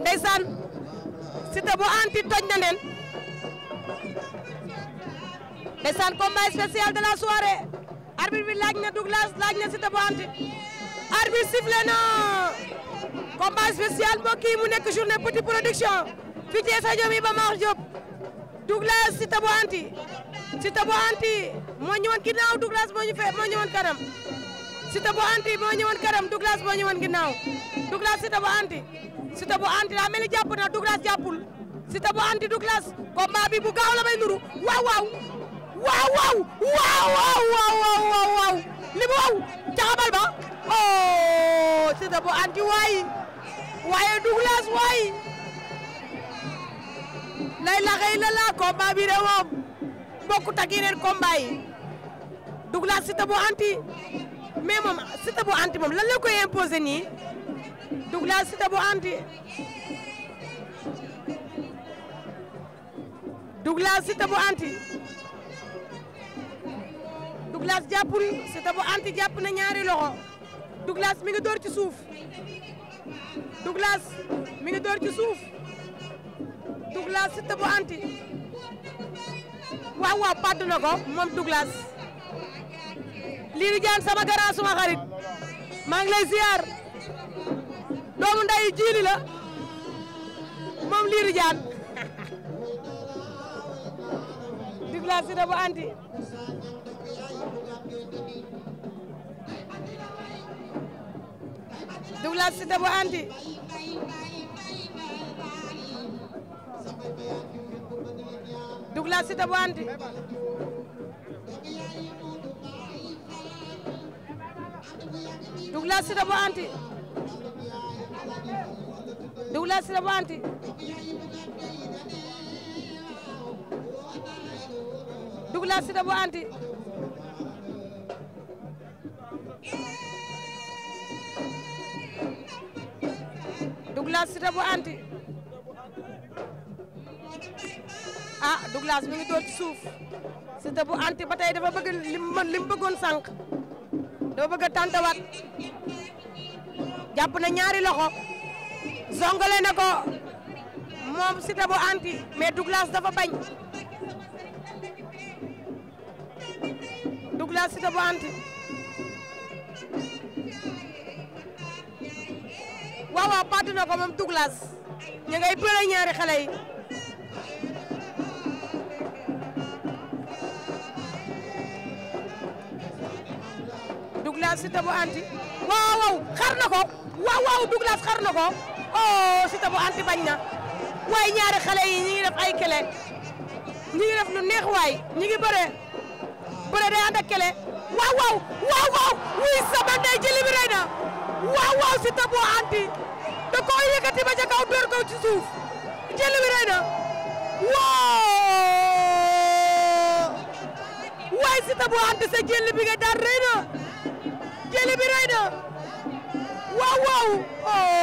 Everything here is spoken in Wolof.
ndeysaan Siteu bu anti toj na leen ndeysaan combat spécial de la soirée arbitre bi laaj na Douglas laaj na Siteu bu anti arbitre sifflé na combat spécial mbokk mu nekk journée Petit Production fii ci stade Iba Mar Diop Douglas Siteu bu anti Siteu bu anti moo ñëwoon ginnaaw Douglas moo ñu fee moo ñëwoon kanam Siteu bu anti moo ñëwoon kanam Douglas moo ñëwoon ginnaaw Douglas Siteu bu anti Siteu bu anti daa mel ni jàpp na Douglas jàppul Siteu bu anti Douglas combat bi bu gaaw la may nuru waaw waaw waaw waaw waaw waaw waaw waaw li mu waaw caxabal ba oh Siteu bu anti waay waaye Douglas waay lay laxey la la combat bi de moom bokkut ak yeneen combat yi Douglas Siteu bu anti mais moom Siteu bu anti moom lan la koy imposer nii Douglas Siteu bu anti Douglas Siteu bu bu anti jàpp na ñaari loxo Douglas mi ngi door ci suuf Douglas mi ngi door suuf Douglas Siteu bu anti waaw waaw pàdd na moom Douglas Lirou Diane sama grand suma xarit maa ngi lay ziar jiili la moom Lirou Diane digla sida bu anti digla bu anti Douglas Siteu bu anti Douglas Siteu bu anti Douglas Siteu bu anti bu anti ah Douglas mi ngi door ci suuf Siteu bu anti ba tey dafa bëgg lim mën lim bëggoon doo bëgg a jàpp na ñaari loxo zongale na ko moom Siteu bu anti mais Douglas dafa bañ Douglas Siteu bu anti waaw waaw na ko moom Douglas ñu ngay bëre ñaari xale yi Douglas Siteu anti waaw waaw ko waaw waaw Douglas ko oh Siteu bu anti bañ na waaye ñaari xale yi ñi ngi def kele ñi ngi def lu neex waay ñi ngi day ànd kele waaw waaw wuy sama ndey jëli na waaw waaw Siteu anti da ko yëkkati ba ca kaw door ko ci na waaw waaye Siteu bu anti sa jëli bi nga na jëli bi rëy na waaw waaw oh.